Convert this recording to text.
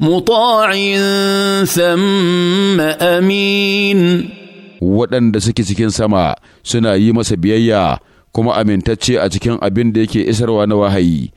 مطاع ثم امين waɗanda suke cikin sama suna yi masa biyayya kuma amintacce a cikin abin da yake isarwa na wahayi